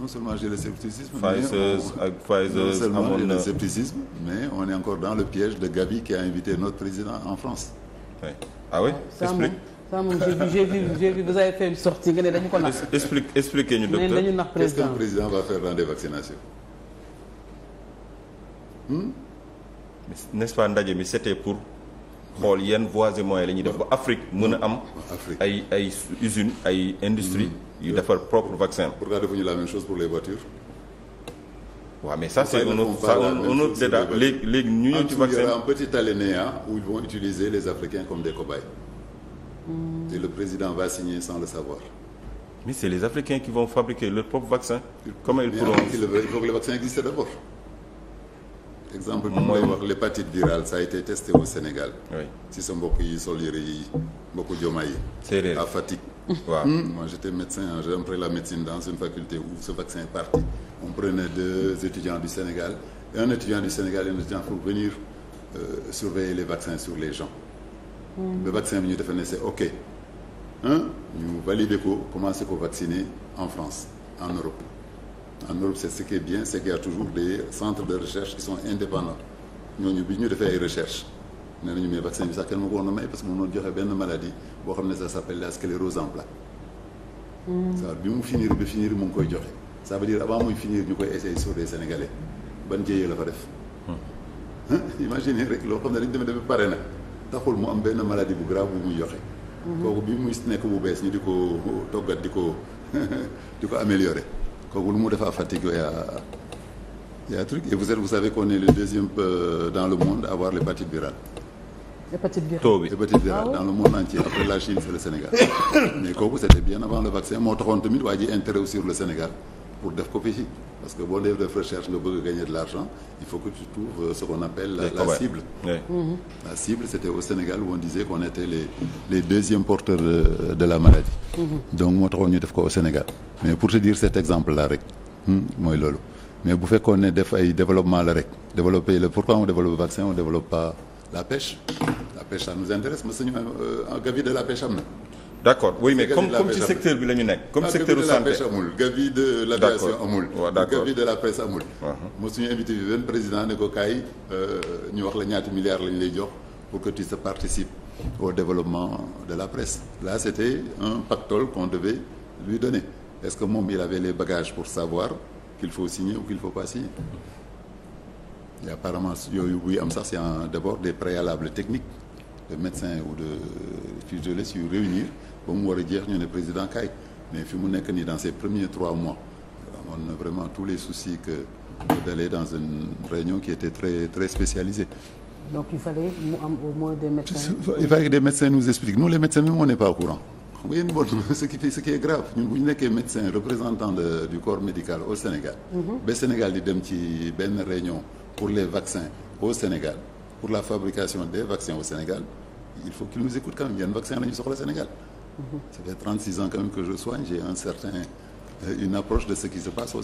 non seulement j'ai le scepticisme. mais on est encore dans le piège de Gavi qui a invité notre président en France. ah oui explique. ça moom j'ai vu j'ai vu vous avez fait une sortie ko expliquez ñu docteur qu'est-ce qu'un président va faire dans des vaccinations. Hmm? n'est-ce pas ndaje pour. xool yenn voies et moyens la ñuy def ba Afrique mën a am. ay ay usines ay industries. Mm-hmm. yu defar propre vaccin. pourquoi defuñu la même chose pour les voitures. waaw mais ça c'est un autre ça un autre débat léegi ñu ñëw ci vaccin un petit alinéa où ils vont utiliser les Africains comme des cobayes. Mm. et le président va signer sans le savoir. mais c'est les Africains qui vont fabriquer leur propre vaccin. comment il faut que existe d'abord. exemple bi mooy wax l'hépatite virale ça a été testé au Sénégal. oui ci sa mbokk yi sol yëre yi mbokku jomaay yi. séeréer à Fatick. Hmm? waaw te hmm? j'étais médecin j'ai appris la médecine dans une faculté où ce vaccin est parti on prenait deux étudiants du Sénégal et un étudiant du Sénégal et un étudiant pour venir euh, surveiller les sur les gens. Hmm. le vaccin bi ñu defe ne c'est ok hein ñu valider ko commencer ko vacciner en France en Europe. en Europe c'est ce qui est bien c'est qu'il y a toujours des centres ñooñu bi ñu defee ay recherche nee nañu mais vaccin bi sax kenn ma ko woon a may parce que mënoon joxe benn maladie boo xam ne ça s'appelle la sclérose en plaques hmm. ça bi mu finir bi finir mu ngi koy joxe saa ba dire avant muy finir ñu koy essayer sur les Sénégalais ban jéyee la fa def hmm. imaginez rek loo xam ne dañ demee demee pare na taxul mu am benn maladie bu grave bu muy joxe hmm. kooku bi muy nekk bu bees ñu di ko toggat di ko di ko améliorer kooku lu mu def à Fatick yaa a truc et vous êtes vous savez qu'on le deuxième euh, dans le monde à avoir l'hépatite virale. l'hépatite virale taux bi l'hépatite virale ah dans le monde entier après la Chine c'est le Sénégal mais kooku c'était bien avant le vaccin moo taxoon tamit waa ji intérêt sur le Sénégal. pour def ko fii parce que boo def def recherche de l'argent il faut que tu trouves euh, ce qu'on appelle la, cible mm-hmm. la cible c'était au Sénégal où on disait qu'on était les les deuxièmes porteurs de, de la maladie mm-hmm. donc moo taxoon ñu def ko au Sénégal mais pour te dire cet exemple là rek hmm, mooy loolu mais bu fekkoon ne def ay développement la rek développer le pourquoi on développe vaccin on développe pas la pêche la pêche ça nous intéresse mais suñu gavi euh, de d'accord oui mais comme comme ci secteur bi la ñu nekk. comme ah, secteur u santé amul gavi de l'aviation amul. waaw d'accord gavi de la presse amul. mosuñu invité bi président ne ko kaay euh, ñu wax la ñaati la lañ lay jox pour que tu te participes au développement de la presse. là c'était un pactole qu'on devait lui donner est-ce que moom il avait les bagages pour savoir qu'il faut signer ou qu'il faut pas signer. et apparemment yooyu buy am sax c'est d'abord des préalables techniques. médecin ou de euh, physiologiste yu réunir ba mu war a jeex ñu ne président kaay mais fi mu nekk nii dans ces premiers trois mois amoon na vraiment tous les soucis que d'aller dans une réunion qui était très très spécialisée. il fallait mu am au moins des médecins. il fallait que des médecins nous expliquent nous les médecins même on n'est pas au courant. xam nga yéen bon ce qui est grave ñun bu ñu nekkee représentant du corps médical au Sénégal. Mhm. ba Sénégal di dem ci benn réunion pour les vaccins au Sénégal. pour la fabrication des vaccins au Sénégal il faut qu'ils nous écoutent quand même yan vaccin la ñu soxla Sénégal mhm. ça fait 36 euh, de ce qui se passe au